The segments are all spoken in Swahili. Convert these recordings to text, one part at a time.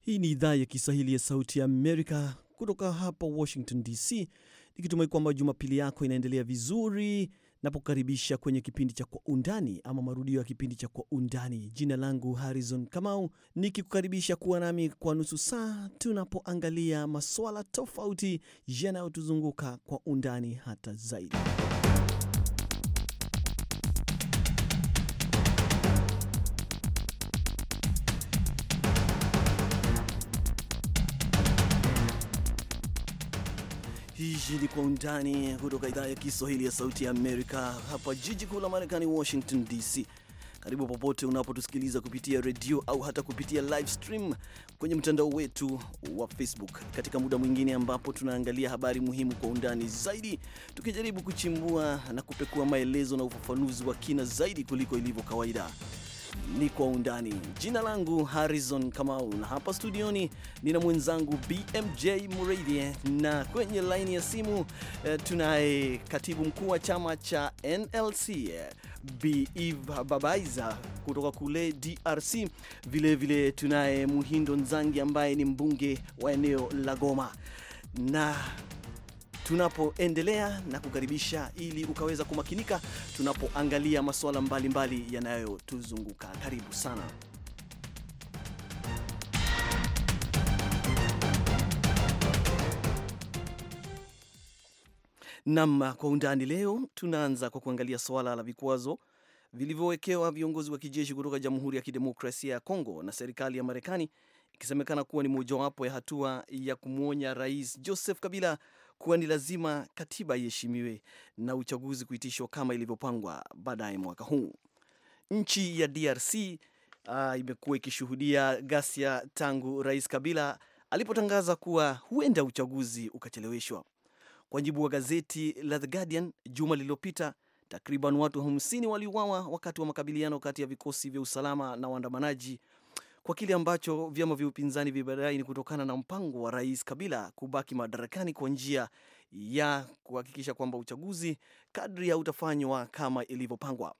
Hii ni idhaa ya Kiswahili ya Sauti ya Amerika kutoka hapa Washington DC, nikitumai kwamba Jumapili yako inaendelea vizuri, napokaribisha kwenye kipindi cha Kwa Undani ama marudio ya kipindi cha Kwa Undani. Jina langu Harrison Kamau, nikikukaribisha kuwa nami kwa nusu saa tunapoangalia masuala tofauti yanayotuzunguka kwa undani hata zaidi. Hii ni Kwa Undani kutoka idhaa ya Kiswahili ya Sauti ya Amerika, hapa jiji kuu la Marekani, Washington DC. Karibu popote unapotusikiliza kupitia redio au hata kupitia live stream kwenye mtandao wetu wa Facebook, katika muda mwingine ambapo tunaangalia habari muhimu kwa undani zaidi, tukijaribu kuchimbua na kupekua maelezo na ufafanuzi wa kina zaidi kuliko ilivyo kawaida ni Kwa Undani. Jina langu Harrison Kamau na hapa studioni nina mwenzangu BMJ Mureithi, na kwenye laini ya simu eh, tunaye katibu mkuu wa chama cha NLC eh, Babaiza kutoka kule DRC. Vilevile tunaye Muhindo Nzangi ambaye ni mbunge wa eneo la Goma na tunapoendelea na kukaribisha, ili ukaweza kumakinika tunapoangalia masuala mbalimbali yanayotuzunguka. Karibu sana. Nam kwa undani leo, tunaanza kwa kuangalia suala la vikwazo vilivyowekewa viongozi wa kijeshi kutoka Jamhuri ya Kidemokrasia ya Kongo na serikali ya Marekani, ikisemekana kuwa ni mojawapo ya hatua ya kumwonya Rais Joseph Kabila kuwa ni lazima katiba iheshimiwe na uchaguzi kuitishwa kama ilivyopangwa baadaye mwaka huu. Nchi ya DRC uh, ah, imekuwa ikishuhudia ghasia tangu Rais Kabila alipotangaza kuwa huenda uchaguzi ukacheleweshwa. Kwa mujibu wa gazeti la The Guardian juma lililopita, takriban watu 50 waliuawa wakati wa makabiliano kati ya vikosi vya usalama na waandamanaji kwa kile ambacho vyama vya upinzani vimedai ni kutokana na mpango wa Rais Kabila kubaki madarakani kwa njia ya kuhakikisha kwamba uchaguzi kadri hautafanywa kama ilivyopangwa.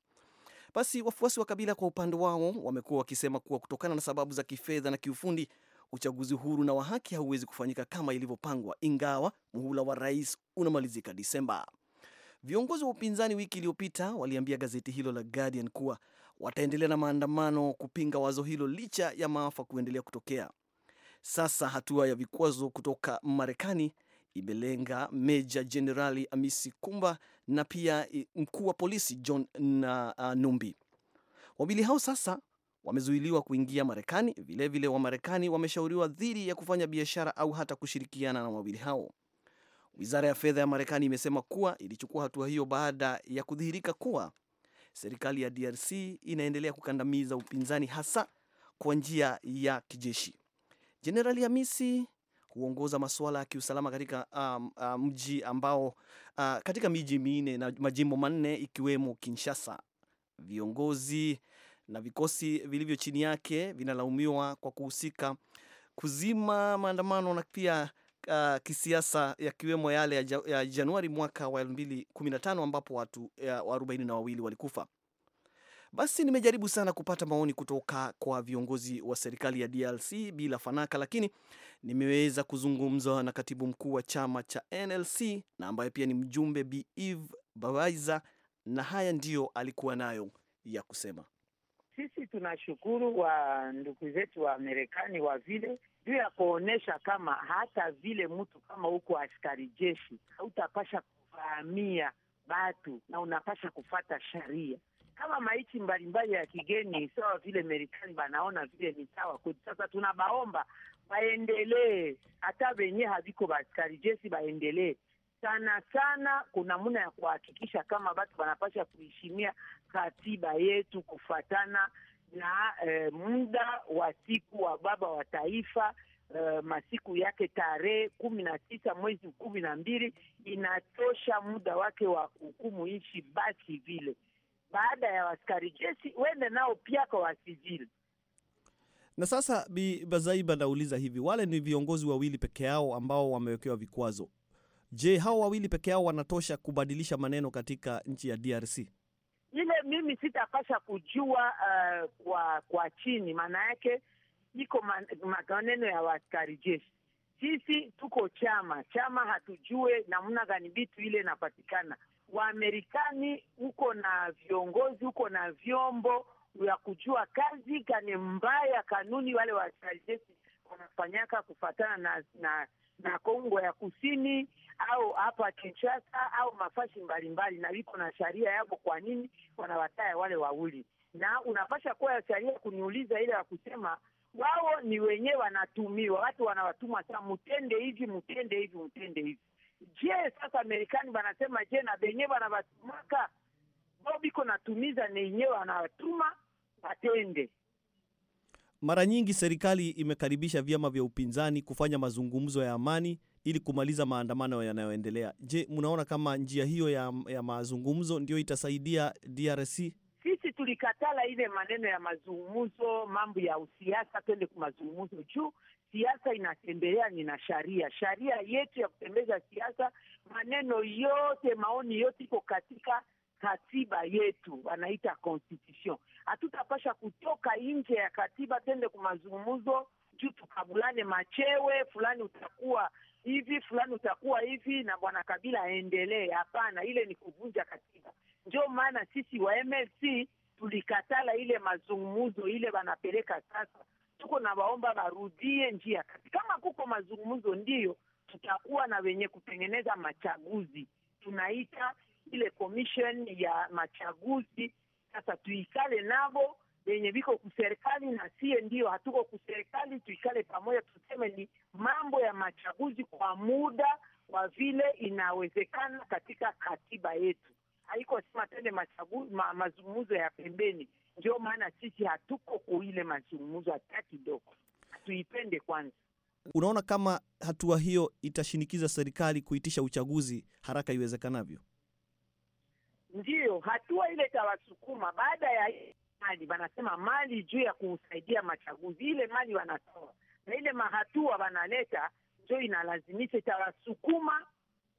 Basi wafuasi wa Kabila kwa upande wao wamekuwa wakisema kuwa kutokana na sababu za kifedha na kiufundi, uchaguzi huru na wa haki hauwezi kufanyika kama ilivyopangwa, ingawa muhula wa rais unamalizika Disemba. Viongozi wa upinzani wiki iliyopita waliambia gazeti hilo la Guardian kuwa wataendelea na maandamano kupinga wazo hilo licha ya maafa kuendelea kutokea. Sasa hatua ya vikwazo kutoka Marekani imelenga Meja Jenerali Amisi Kumba na pia e, mkuu wa polisi John na, uh, Numbi. Wawili hao sasa wamezuiliwa kuingia Marekani. Vilevile Wamarekani wameshauriwa dhidi ya kufanya biashara au hata kushirikiana na wawili hao. Wizara ya fedha ya Marekani imesema kuwa ilichukua hatua hiyo baada ya kudhihirika kuwa serikali ya DRC inaendelea kukandamiza upinzani hasa kwa njia ya kijeshi. Jenerali Hamisi huongoza masuala ya kiusalama katika um, um, mji ambao uh, katika miji minne na majimbo manne ikiwemo Kinshasa. Viongozi na vikosi vilivyo chini yake vinalaumiwa kwa kuhusika kuzima maandamano na pia uh, kisiasa yakiwemo yale ya, ya Januari mwaka wa 2015 ambapo watu arobaini na wawili walikufa. Basi nimejaribu sana kupata maoni kutoka kwa viongozi wa serikali ya DRC bila fanaka, lakini nimeweza kuzungumza na katibu mkuu wa chama cha NLC na ambaye pia ni mjumbe Bi Eve Bawaiza, na haya ndiyo alikuwa nayo ya kusema. Sisi tunashukuru wa ndugu zetu wa Marekani wa vile juu ya kuonyesha kama hata vile mtu kama huko askari jeshi hautapasha kufahamia batu na unapasha kufata sharia kama maichi mbalimbali ya kigeni, sawa vile merikani banaona vile ni sawa kwetu. Sasa tunabaomba baendelee, hata venye haviko baskari jeshi baendelee sana sana, kuna muna ya kuhakikisha kama batu banapasha kuheshimia katiba yetu kufatana na eh, muda wa siku wa baba wa taifa eh, masiku yake tarehe kumi na tisa mwezi kumi na mbili inatosha muda wake wa kuhukumu nchi. Basi vile baada ya waskari jeshi wende nao pia kwa wasijili na sasa Bi Bazaiba, nauliza hivi, wale ni viongozi wawili peke yao ambao wamewekewa vikwazo. Je, hao wawili peke yao wanatosha kubadilisha maneno katika nchi ya DRC? mimi sitapasha kujua uh, kwa kwa chini, maana yake iko maneno ya waskari jeshi. Sisi tuko chama chama, hatujue namna gani vitu ile inapatikana. Waamerikani huko na viongozi huko na vyombo ya kujua kazi gani mbaya kanuni wale waaskari jeshi wanafanyaka kufatana na, na na Kongo ya Kusini au hapa Kinshasa au mafashi mbalimbali, na iko na sharia yako. Kwa nini wanawataya wale wawili? Na unapasha kuwa ya sharia kuniuliza ile ya kusema wao ni wenyewe wanatumiwa, watu wanawatuma saa mtende hivi mtende hivi mtende hivi. Je, sasa Amerikani wanasema je, na benyewe wanawatumaka bao biko natumiza ni wenyewe wanawatuma watende. Mara nyingi serikali imekaribisha vyama vya upinzani kufanya mazungumzo ya amani ili kumaliza maandamano yanayoendelea. Je, mnaona kama njia hiyo ya, ya mazungumzo ndiyo itasaidia DRC? Sisi tulikatala ile maneno ya mazungumzo, mambo ya usiasa, twende ku mazungumzo juu siasa inatembelea ni na sharia, sharia yetu ya kutembeza siasa, maneno yote, maoni yote iko katika katiba yetu, wanaita constitution. Hatutapasha kutoka nje ya katiba, twende ku mazungumzo juu tukabulane machewe fulani, utakuwa hivi fulani utakuwa hivi na bwana Kabila aendelee. Hapana, ile ni kuvunja katiba. Ndio maana sisi wa MLC tulikatala ile mazungumzo ile wanapeleka sasa. Tuko na waomba barudie njia kati, kama kuko mazungumzo ndiyo tutakuwa na wenye kutengeneza machaguzi, tunaita ile commission ya machaguzi. Sasa tuikale navo yenye viko kuserikali na sie ndio hatuko kuserikali, tuikale pamoja, tuseme ni mambo ya machaguzi kwa muda kwa vile inawezekana katika katiba yetu. Haiko sema tende machaguzi ma, mazungumzo ya pembeni. Ndio maana sisi hatuko kuile mazungumzo hata kidogo, hatuipende kwanza. Unaona kama hatua hiyo itashinikiza serikali kuitisha uchaguzi haraka iwezekanavyo? Ndiyo hatua ile itawasukuma baada ya mali, wanasema mali juu ya kusaidia machaguzi. Ile mali wanatoa na ile mahatua wanaleta njo inalazimisha, itawasukuma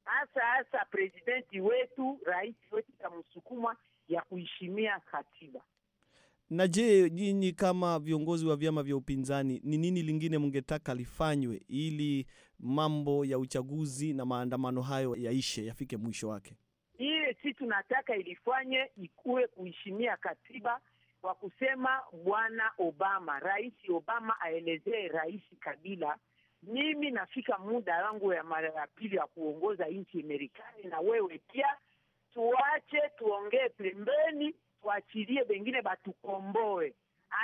hasa hasa presidenti wetu, rais wetu itamsukuma ya kuheshimia katiba. Na je, nyinyi kama viongozi wa vyama vya upinzani, ni nini lingine mngetaka lifanywe ili mambo ya uchaguzi na maandamano hayo yaishe, yafike mwisho wake? Ile si tunataka ilifanye ikuwe kuheshimia katiba, kwa kusema bwana Obama, rais Obama aelezee rais Kabila, mimi nafika muda wangu ya mara ya pili ya kuongoza nchi Marekani, na wewe pia tuache tuongee pembeni, tuachilie bengine batukomboe.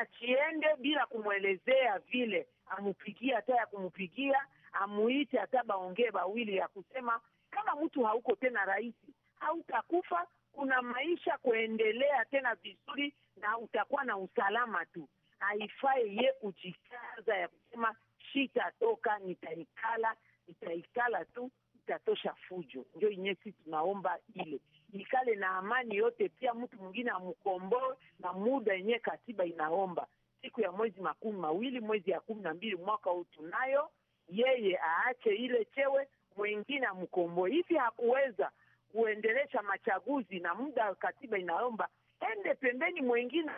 Achiende bila kumwelezea vile, amupigie hata ya kumpigia, amuite hata baongee bawili ya kusema, kama mtu hauko tena rais, hautakufa kuna maisha kuendelea tena vizuri, na utakuwa na usalama tu. Haifai ye kujikaza ya kusema shitatoka, nitaikala nitaikala tu, itatosha fujo. Ndio sii tunaomba ile ikale na amani yote, pia mtu mwingine amkomboe na muda yenye katiba inaomba siku ya mwezi makumi mawili mwezi ya kumi na mbili mwaka huu tunayo, yeye aache ile chewe, mwingine amkomboe. Hivi hakuweza kuendelesha machaguzi na muda katiba inaomba, ende pembeni mwengine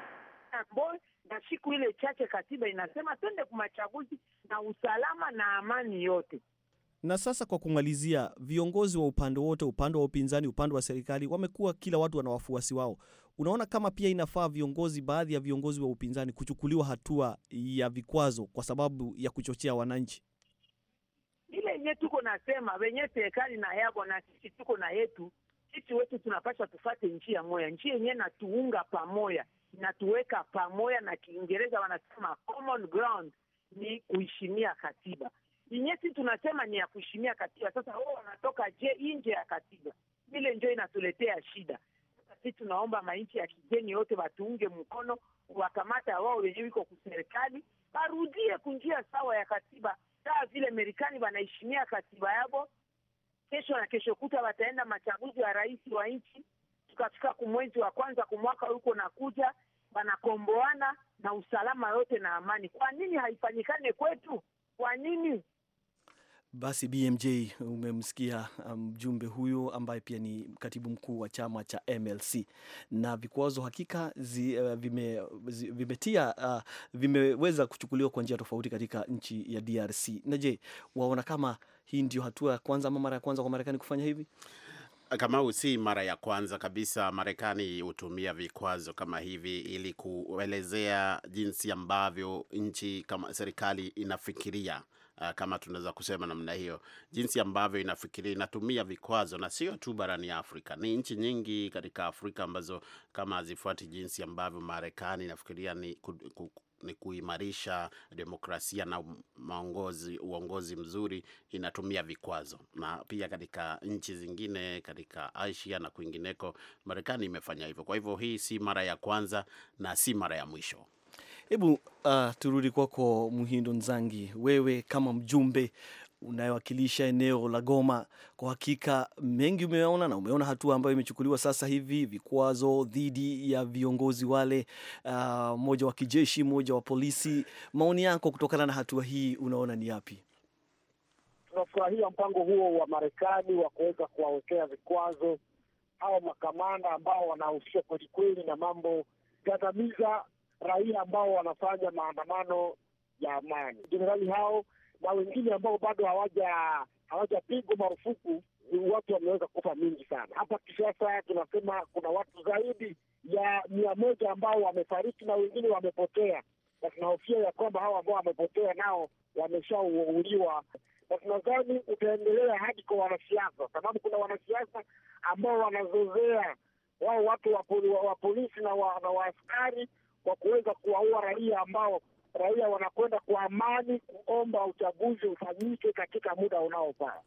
Mbowe, na siku ile chache katiba inasema twende kwa machaguzi na usalama na amani yote. Na sasa kwa kumalizia, viongozi wa upande wote, upande wa upinzani, upande wa serikali, wamekuwa kila watu wana wafuasi wao. Unaona kama pia inafaa viongozi, baadhi ya viongozi wa upinzani kuchukuliwa hatua ya vikwazo kwa sababu ya kuchochea wananchi? venye tuko nasema wenye serikali na yabo na sisi tuko na yetu, sisi wetu tunapaswa tufate njia moya, njia yenyewe natuunga pamoya natuweka pamoya, na Kiingereza wanasema common ground ni kuheshimia katiba yenye sisi tunasema ni ya kuheshimia katiba. Sasa wao wanatoka je nje ya katiba ile, ndio inatuletea shida. Sisi tunaomba manchi ya kigeni yote watuunge mkono, wakamata wao wenyewe wiko kuserikali, barudie kunjia sawa ya katiba saa vile Marekani wanaheshimia katiba yabo. Kesho na kesho kuta wataenda machaguzi ya rais wa nchi, tukafika kumwezi wa kwanza kumwaka huko na kuja wanakomboana na usalama yote na amani. Kwa nini haifanyikane kwetu? Kwa nini basi BMJ, umemsikia um, mjumbe um, huyo ambaye pia ni katibu mkuu wa chama cha MLC. Na vikwazo hakika zi, uh, vime, zi, vimetia uh, vimeweza kuchukuliwa kwa njia tofauti katika nchi ya DRC. Na je, waona kama hii ndio hatua ya kwanza ama mara ya kwanza kwa Marekani kufanya hivi? Kamau, si mara ya kwanza kabisa Marekani hutumia vikwazo kama hivi ili kuelezea jinsi ambavyo nchi kama serikali inafikiria uh, kama tunaweza kusema namna hiyo, jinsi ambavyo inafikiria inatumia vikwazo, na sio tu barani Afrika, ni nchi nyingi katika Afrika ambazo kama hazifuati jinsi ambavyo Marekani inafikiria ni ku, ku, ni kuimarisha demokrasia na maongozi, uongozi mzuri inatumia vikwazo. Na pia katika nchi zingine katika Asia na kwingineko, Marekani imefanya hivyo. Kwa hivyo hii si mara ya kwanza na si mara ya mwisho. Hebu uh, turudi kwako Muhindo Nzangi, wewe kama mjumbe unayewakilisha eneo la Goma, kwa hakika mengi umeona na umeona hatua ambayo imechukuliwa sasa hivi, vikwazo dhidi ya viongozi wale, uh, mmoja wa kijeshi, mmoja wa polisi. Maoni yako kutokana na hatua hii unaona ni yapi? Tunafurahia mpango huo wa Marekani wa kuweza kuwawekea vikwazo hao makamanda ambao wanahusisha kwelikweli na mambo gandamiza raia ambao wanafanya maandamano ya amani. Jenerali hao na wengine ambao bado hawaja hawajapigwa marufuku, watu wameweza kufa mingi sana. Hapa Kishasa tunasema kuna watu zaidi ya mia moja ambao wamefariki na wengine wamepotea, na tunahofia ya kwamba hao ambao wamepotea nao wameshauliwa na tunadhani utaendelea hadi kwa wanasiasa, sababu kuna wanasiasa ambao wanazozea wao watu wa polisi na waaskari kwa kuweza kuwaua raia ambao raia wanakwenda kwa amani kuomba uchaguzi ufanyike katika muda unaofaa.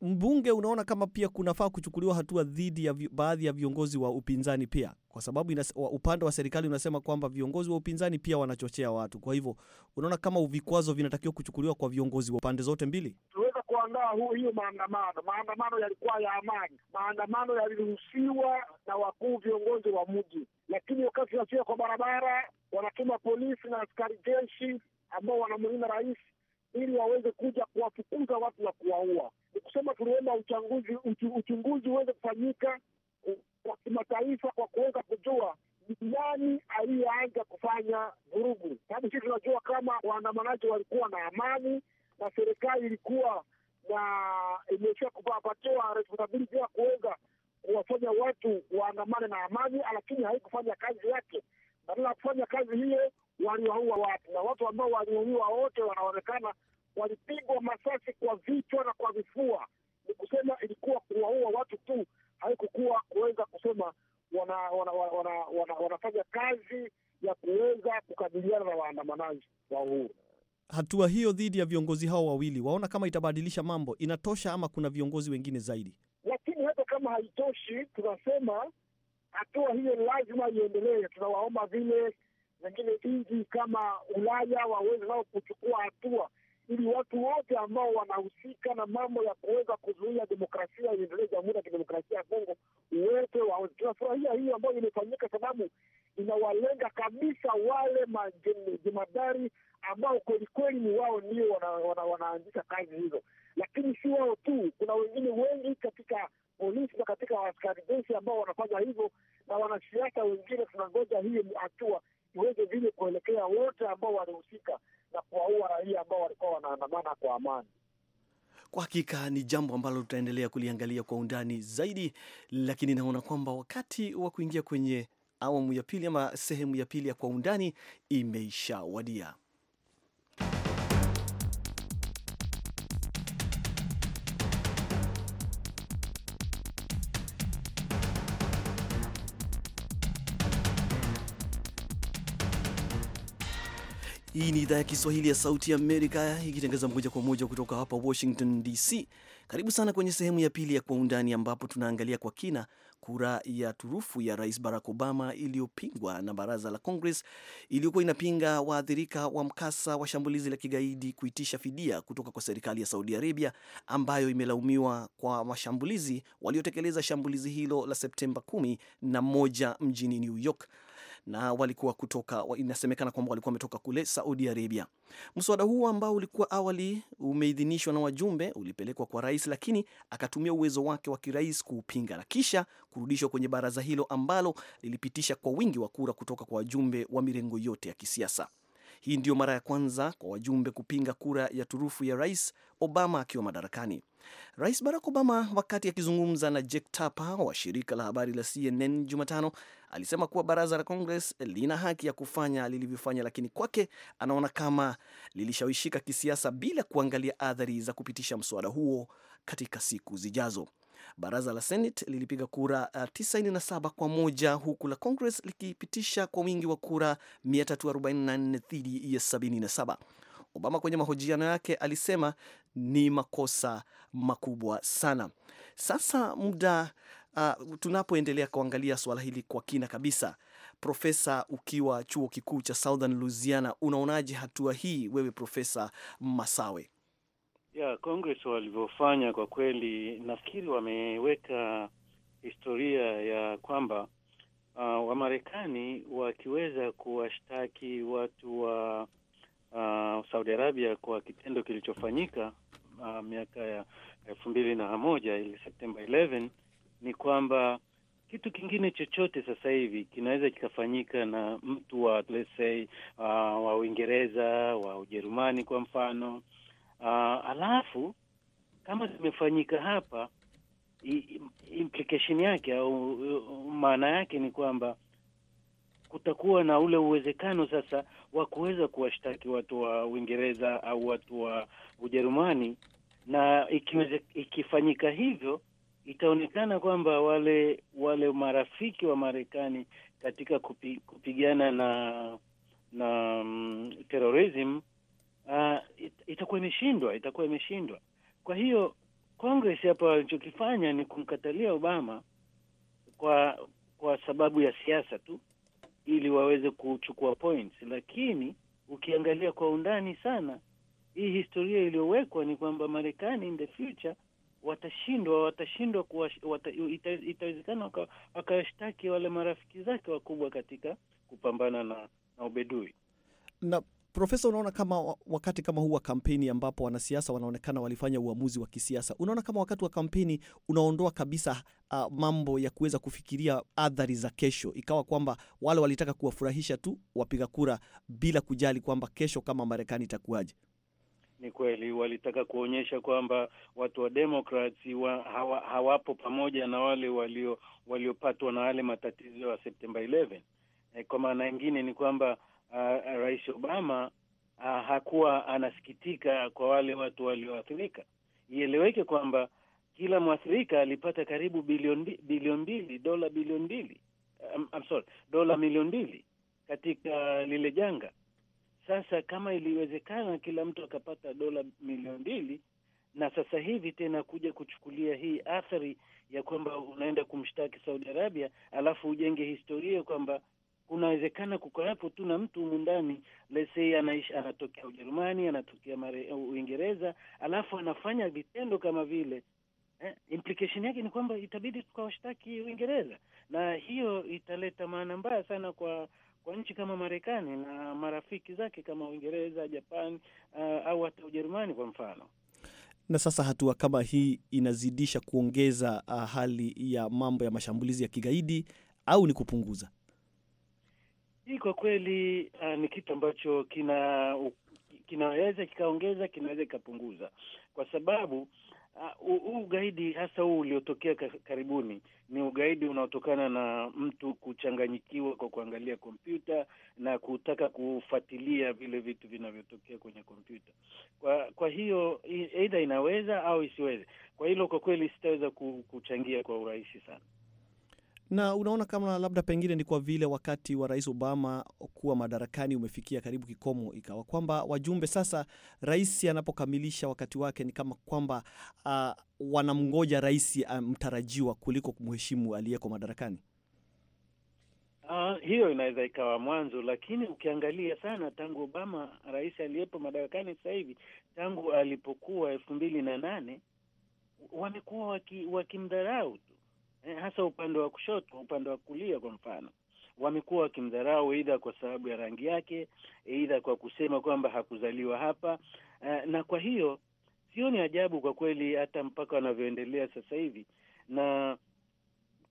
Mbunge, unaona kama pia kunafaa kuchukuliwa hatua dhidi ya baadhi ya viongozi wa upinzani pia, kwa sababu upande wa serikali unasema kwamba viongozi wa upinzani pia wanachochea watu. Kwa hivyo unaona kama vikwazo vinatakiwa kuchukuliwa kwa viongozi wa pande zote mbili? kuandaa huo hiyo maandamano. Maandamano yalikuwa ya amani, maandamano yaliruhusiwa na wakuu viongozi wa mji, lakini wakati nafika kwa barabara, wanatuma polisi na askari jeshi ambao wanamlinda rais ili waweze kuja kuwafukuza watu na kuwaua. Ni kusema tuliomba uchunguzi uchunguzi uweze kufanyika kwa kimataifa kwa kuweza kujua ni nani aliyeanza kufanya vurugu, sababu sisi tunajua kama waandamanaji walikuwa na amani na serikali ilikuwa na imeshia kupatiwa responsability ya kuweza kuwafanya watu waandamane na amani, lakini haikufanya kazi yake. Badala ya kufanya kazi hiyo, waliwaua watu, na watu ambao waliuliwa wote wanaonekana walipigwa masasi kwa vichwa na kwa vifua. Ni kusema ilikuwa kuwaua watu tu, haikukuwa kuweza kusema wanafanya wana, wana, wana, wana, wana kazi ya kuweza kukabiliana na waandamanaji wa uhuru hatua hiyo dhidi ya viongozi hao wawili, waona kama itabadilisha mambo, inatosha ama kuna viongozi wengine zaidi? Lakini hata kama haitoshi, tunasema hatua hiyo lazima iendelee. Tunawaomba vile wengine nji kama Ulaya waweze nao kuchukua hatua ili watu wote ambao wanahusika na mambo ya kuweza kuzuia demokrasia iendelee Jamhuri ya Kidemokrasia ya Kongo wote wa tunafurahia hiyo ambayo imefanyika, sababu inawalenga kabisa wale majemadari ambao kweli kweli ni wao ndio wanaandika wana, wana kazi hizo, lakini si wao tu, kuna wengine wengi katika polisi na katika askari jeshi ambao wanafanya hivyo, na wanasiasa wengine. Tunangoja hiyo hatua iweze vile kuelekea wote ambao walihusika na kuwaua raia ambao walikuwa wanaandamana kwa amani. Kwa hakika ni jambo ambalo tutaendelea kuliangalia kwa undani zaidi, lakini naona kwamba wakati wa kuingia kwenye awamu ya pili ama sehemu ya pili ya kwa undani imeishawadia. Hii ni idhaa ya Kiswahili ya Sauti ya Amerika ikitangaza moja kwa moja kutoka hapa Washington DC. Karibu sana kwenye sehemu ya pili ya Kwa Undani, ambapo tunaangalia kwa kina kura ya turufu ya Rais Barack Obama iliyopingwa na baraza la Congress iliyokuwa inapinga waathirika wa mkasa wa shambulizi la kigaidi kuitisha fidia kutoka kwa serikali ya Saudi Arabia ambayo imelaumiwa kwa washambulizi waliotekeleza shambulizi hilo la Septemba 11 na moja mjini New York na walikuwa kutoka, inasemekana kwamba walikuwa wametoka kule Saudi Arabia. Mswada huo ambao ulikuwa awali umeidhinishwa na wajumbe ulipelekwa kwa rais, lakini akatumia uwezo wake wa kirais kuupinga na kisha kurudishwa kwenye baraza hilo ambalo lilipitisha kwa wingi wa kura kutoka kwa wajumbe wa mirengo yote ya kisiasa. Hii ndiyo mara ya kwanza kwa wajumbe kupinga kura ya turufu ya rais Obama akiwa madarakani. Rais Barack Obama, wakati akizungumza na Jake Tapper wa shirika la habari la CNN Jumatano, alisema kuwa baraza la Congress lina haki ya kufanya lilivyofanya, lakini kwake anaona kama lilishawishika kisiasa bila kuangalia athari za kupitisha mswada huo katika siku zijazo. Baraza la Senate lilipiga kura 97 uh, kwa moja huku la Congress likipitisha kwa wingi wa kura 344 dhidi ya 77. Obama kwenye mahojiano yake alisema ni makosa makubwa sana. Sasa muda uh, tunapoendelea kuangalia swala hili kwa kina kabisa, Profesa, ukiwa chuo kikuu cha Southern Louisiana, unaonaje hatua hii wewe, Profesa Masawe? ya Congress walivyofanya kwa kweli, nafikiri wameweka historia ya kwamba uh, Wamarekani wakiweza kuwashtaki watu wa uh, Saudi Arabia kwa kitendo kilichofanyika uh, miaka ya elfu mbili na moja ili Septemba 11 ni kwamba kitu kingine chochote sasa hivi kinaweza kikafanyika na mtu wa let's say, uh, wa Uingereza wa Ujerumani kwa mfano Uh, alafu kama zimefanyika hapa, implication yake au maana yake ni kwamba kutakuwa na ule uwezekano sasa wa kuweza kuwashtaki watu wa Uingereza au watu wa Ujerumani, na ikiweze, ikifanyika hivyo itaonekana kwamba wale wale marafiki wa Marekani katika kupi, kupigana na na um, terrorism it, itakuwa imeshindwa, itakuwa imeshindwa. Kwa hiyo Congress hapa walichokifanya ni kumkatalia Obama kwa kwa sababu ya siasa tu ili waweze kuchukua points, lakini ukiangalia kwa undani sana hii historia iliyowekwa ni kwamba Marekani in the future watashindwa watashindwa wata, itawezekana wakawashtaki wale marafiki zake wakubwa katika kupambana na, na ubedui na Profesa, unaona kama wakati kama huu wa kampeni ambapo wanasiasa wanaonekana walifanya uamuzi wa kisiasa, unaona kama wakati wa kampeni unaondoa kabisa uh, mambo ya kuweza kufikiria athari za kesho, ikawa kwamba wale walitaka kuwafurahisha tu wapiga kura bila kujali kwamba kesho kama Marekani itakuwaje? Ni kweli walitaka kuonyesha kwamba watu wa Democrats wa, hawa, hawapo pamoja na wale walio waliopatwa na yale matatizo ya Septemba 11. E, eh, kwa maana ingine ni kwamba uh, Rais Obama uh, hakuwa anasikitika kwa wale watu walioathirika. Ieleweke kwamba kila mwathirika alipata karibu bilioni bilioni mbili dola bilioni mbili um, I'm sorry, dola milioni mbili katika lile janga. Sasa kama iliwezekana kila mtu akapata dola milioni mbili na sasa hivi tena kuja kuchukulia hii athari ya kwamba unaenda kumshtaki Saudi Arabia alafu ujenge historia kwamba kunawezekana kukawepo tu na mtu humu ndani lese, anaishi anatokea Ujerumani, anatokea Uingereza, alafu anafanya vitendo kama vile eh, implication yake ni kwamba itabidi tukawashtaki Uingereza, na hiyo italeta maana mbaya sana kwa kwa nchi kama Marekani na marafiki zake kama Uingereza, japan uh, au hata Ujerumani kwa mfano. Na sasa hatua kama hii inazidisha kuongeza ah, hali ya mambo ya mashambulizi ya kigaidi au ni kupunguza? Hii kwa kweli uh, ni kitu ambacho kina kinaweza kikaongeza, kinaweza kikapunguza, kwa sababu uh, huu uh, ugaidi hasa huu uliotokea karibuni ni ugaidi unaotokana na mtu kuchanganyikiwa kwa kuangalia kompyuta na kutaka kufuatilia vile vitu vinavyotokea kwenye kompyuta. Kwa kwa hiyo aidha inaweza au isiweze. Kwa hilo kwa kweli sitaweza kuchangia kwa urahisi sana na unaona kama labda pengine ni kwa vile wakati wa Rais Obama kuwa madarakani umefikia karibu kikomo, ikawa kwamba wajumbe sasa, rais anapokamilisha wakati wake ni kama kwamba uh, wanamngoja rais ah, mtarajiwa kuliko mheshimu aliyeko madarakani. Uh, hiyo inaweza ikawa mwanzo, lakini ukiangalia sana tangu Obama, rais aliyepo madarakani sasa hivi, tangu alipokuwa elfu mbili na nane wamekuwa wakimdharau waki eh, hasa upande wa kushoto, upande wa kulia kwa mfano wamekuwa wakimdharau aidha kwa sababu ya rangi yake, aidha kwa kusema kwamba hakuzaliwa hapa. Eh, na kwa hiyo sio ni ajabu kwa kweli, hata mpaka wanavyoendelea sasa hivi, na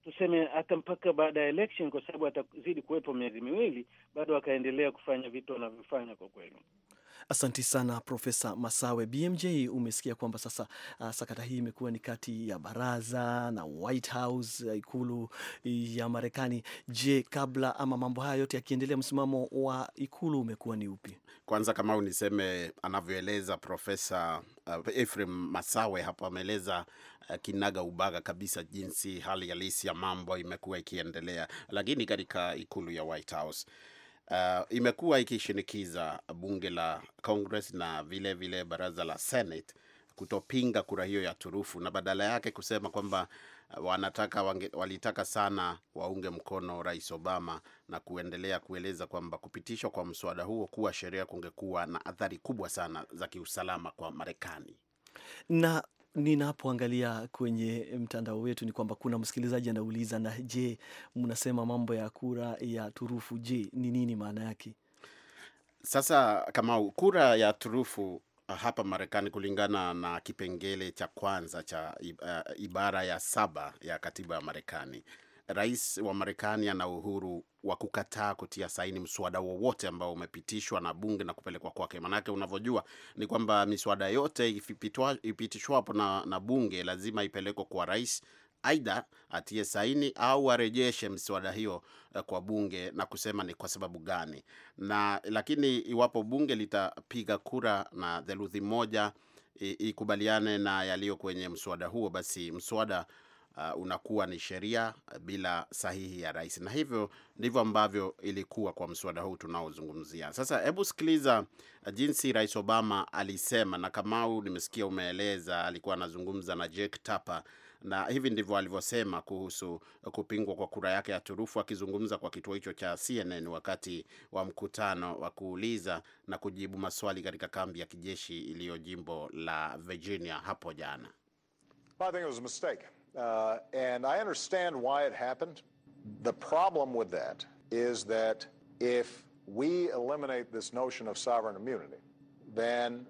tuseme hata mpaka baada ya election, kwa sababu atazidi kuwepo miezi miwili, bado wakaendelea kufanya vitu wanavyofanya kwa kweli. Asanti sana Profesa Masawe. BMJ, umesikia kwamba sasa uh, sakata hii imekuwa ni kati ya baraza na White House, eh, ikulu eh, ya Marekani. Je, kabla ama mambo haya yote yakiendelea, msimamo wa ikulu umekuwa ni upi? Kwanza kama uniseme anavyoeleza Profesa uh, eh, Efrem Masawe hapo ameeleza kinaga ubaga kabisa jinsi hali halisi ya mambo imekuwa ikiendelea, lakini katika ikulu ya White House uh, imekuwa ikishinikiza bunge la Congress na vile vile baraza la Senate kutopinga kura hiyo ya turufu na badala yake kusema kwamba uh, wanataka wange, walitaka sana waunge mkono Rais Obama na kuendelea kueleza kwamba kupitishwa kwa mswada huo kuwa sheria kungekuwa na athari kubwa sana za kiusalama kwa Marekani. Na ninapoangalia kwenye mtandao wetu ni kwamba kuna msikilizaji anauliza, na je, mnasema mambo ya kura ya turufu, je, ni nini maana yake? Sasa kama kura ya turufu ah, hapa Marekani kulingana na kipengele cha kwanza cha eh, ibara ya saba ya katiba ya Marekani rais wa Marekani ana uhuru wa kukataa kutia saini mswada wowote ambao umepitishwa na bunge na kupelekwa kwake. Maanake unavyojua ni kwamba miswada yote ipitishwapo na, na bunge lazima ipelekwe kwa rais, aidha atie saini au arejeshe mswada hiyo eh, kwa bunge na kusema ni kwa sababu gani. Na lakini iwapo bunge litapiga kura na theluthi moja ikubaliane na yaliyo kwenye mswada huo, basi mswada uh, unakuwa ni sheria bila sahihi ya rais, na hivyo ndivyo ambavyo ilikuwa kwa mswada huu tunaozungumzia sasa. Hebu sikiliza uh, jinsi Rais Obama alisema, na Kamau, nimesikia umeeleza, alikuwa anazungumza na Jake Tapper na hivi ndivyo alivyosema kuhusu kupingwa kwa kura yake ya turufu, akizungumza kwa kituo hicho cha CNN wakati wa mkutano wa kuuliza na kujibu maswali katika kambi ya kijeshi iliyo jimbo la Virginia hapo jana. I think it was a mistake. Uh, and I understand why it happened. The problem with that is that if we eliminate this notion of sovereign immunity, then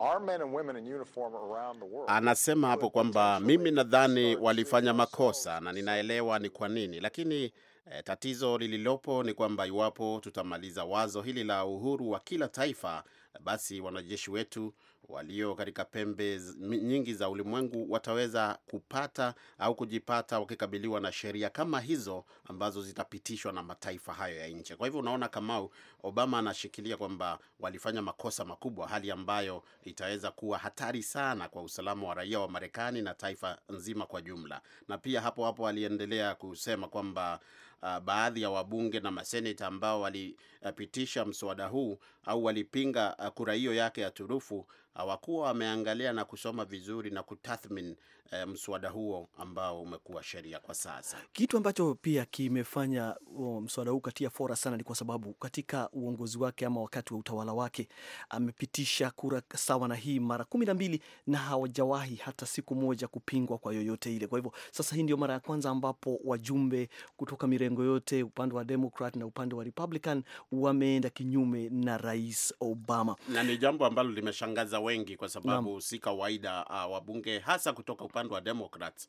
our men and women in uniform around the world. Anasema hapo kwamba mimi nadhani walifanya makosa na ninaelewa ni kwa nini, lakini eh, tatizo lililopo ni kwamba iwapo tutamaliza wazo hili la uhuru wa kila taifa, basi wanajeshi wetu walio katika pembe nyingi za ulimwengu wataweza kupata au kujipata wakikabiliwa na sheria kama hizo ambazo zitapitishwa na mataifa hayo ya nje. Kwa hivyo unaona, Kamau, Obama anashikilia kwamba walifanya makosa makubwa, hali ambayo itaweza kuwa hatari sana kwa usalama wa raia wa Marekani na taifa nzima kwa jumla. Na pia hapo hapo aliendelea kusema kwamba uh, baadhi ya wabunge na maseneta ambao walipitisha mswada huu au walipinga ah, kura hiyo yake ya turufu hawakuwa wameangalia na kusoma vizuri na kutathmin e, mswada huo ambao umekuwa sheria kwa sasa. Kitu ambacho pia kimefanya mswada huu katia fora sana ni kwa sababu katika uongozi wake ama wakati wa utawala wake amepitisha kura sawa na hii mara kumi na mbili na hawajawahi hata siku moja kupingwa kwa yoyote ile. Kwa hivyo sasa hii ndio mara ya kwanza ambapo wajumbe kutoka mirengo yote upande wa Democrat na upande wa Republican wameenda kinyume na Rais Obama, na ni jambo ambalo limeshangaza wengi, kwa sababu si kawaida uh, wabunge hasa kutoka upande wa Democrats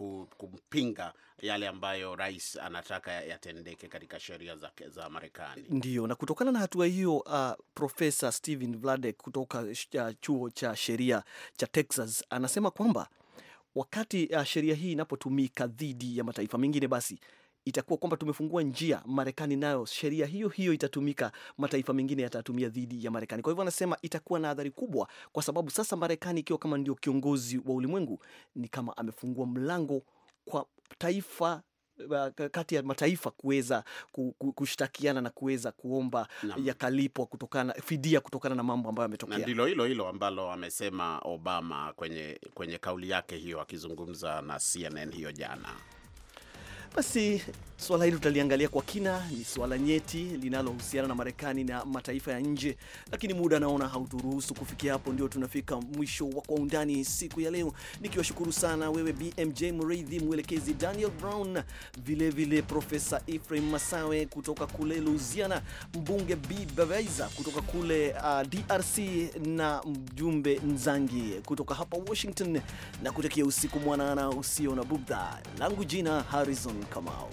uh, kumpinga yale ambayo rais anataka yatendeke katika sheria za, za Marekani. ndio na kutokana na hatua hiyo uh, ah, Profesa Steven Vladek kutoka uh, chuo cha sheria cha Texas anasema kwamba wakati uh, sheria hii inapotumika dhidi ya mataifa mengine, basi itakuwa kwamba tumefungua njia. Marekani nayo sheria hiyo hiyo itatumika, mataifa mengine yatatumia dhidi ya Marekani. Kwa hivyo anasema itakuwa na adhari kubwa, kwa sababu sasa Marekani ikiwa kama ndio kiongozi wa ulimwengu ni kama amefungua mlango kwa taifa eh, kati ya mataifa kuweza kushtakiana na kuweza kuomba yakalipwa kutokana fidia kutokana na mambo ambayo yametokea. Ndilo hilo hilo ambalo amesema Obama kwenye, kwenye kauli yake hiyo akizungumza na CNN hiyo jana. Passei. Suala hili tutaliangalia kwa kina. Ni suala nyeti linalohusiana na Marekani na mataifa ya nje, lakini muda naona hauturuhusu kufikia hapo. Ndio tunafika mwisho wa Kwa Undani siku ya leo, nikiwashukuru sana wewe BMJ Muriithi, mwelekezi Daniel Brown, vilevile Profesa Ephraim Masawe kutoka kule Louisiana, mbunge B Bavaiza kutoka kule uh, DRC na mjumbe Nzangi kutoka hapa Washington, na kutakia usiku mwanana usio na bugdha. Langu jina Harrison Kamau.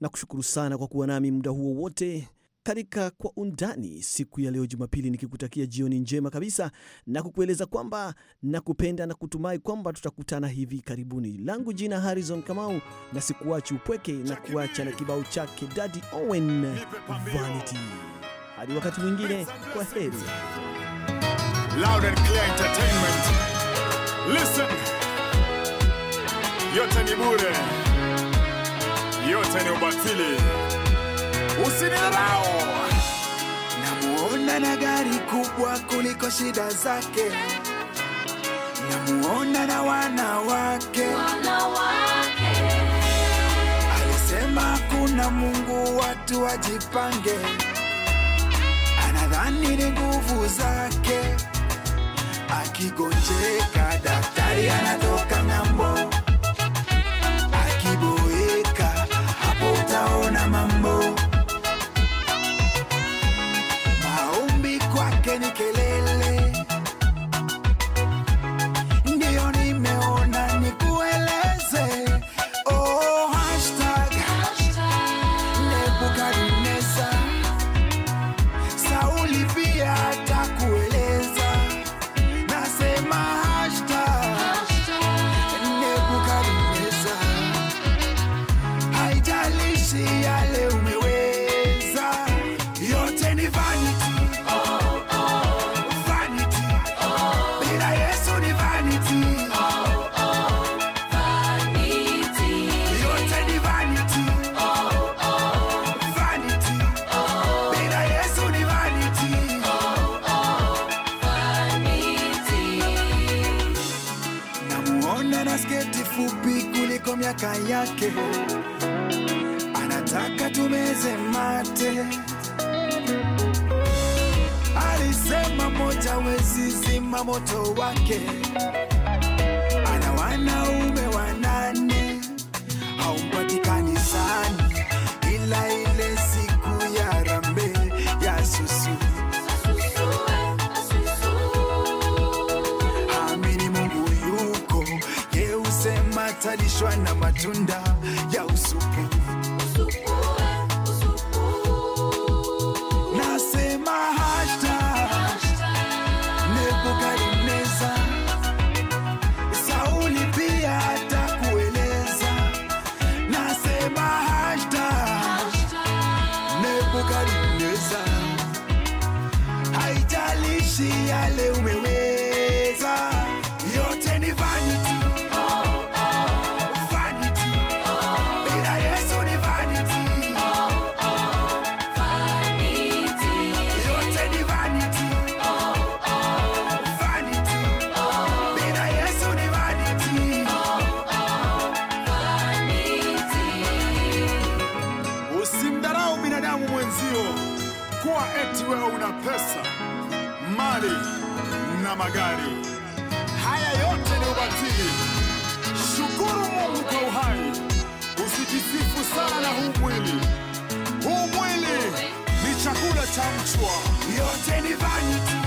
na kushukuru sana kwa kuwa nami muda huo wote katika Kwa Undani siku ya leo Jumapili, nikikutakia jioni njema kabisa na kukueleza kwamba nakupenda na kutumai kwamba tutakutana hivi karibuni. Langu jina Harrison Kamau, na sikuachi upweke na kuacha na kibao chake Daddy Owen Vanity. Hadi wakati mwingine, kwa heri. Loud and clear entertainment. Listen. Yote ni bure yote ni ubatili. Usinidharau. Namuona na gari kubwa kuliko shida zake, namuona na wanawake, wanawake. Alisema kuna Mungu, watu wajipange, anadhani ni nguvu zake Akigonjeka daktari anatoka ng'ambo. yake anataka tumeze mate. Alisema moja wezi zima moto wake. mashwa na matunda Your tiny vanity.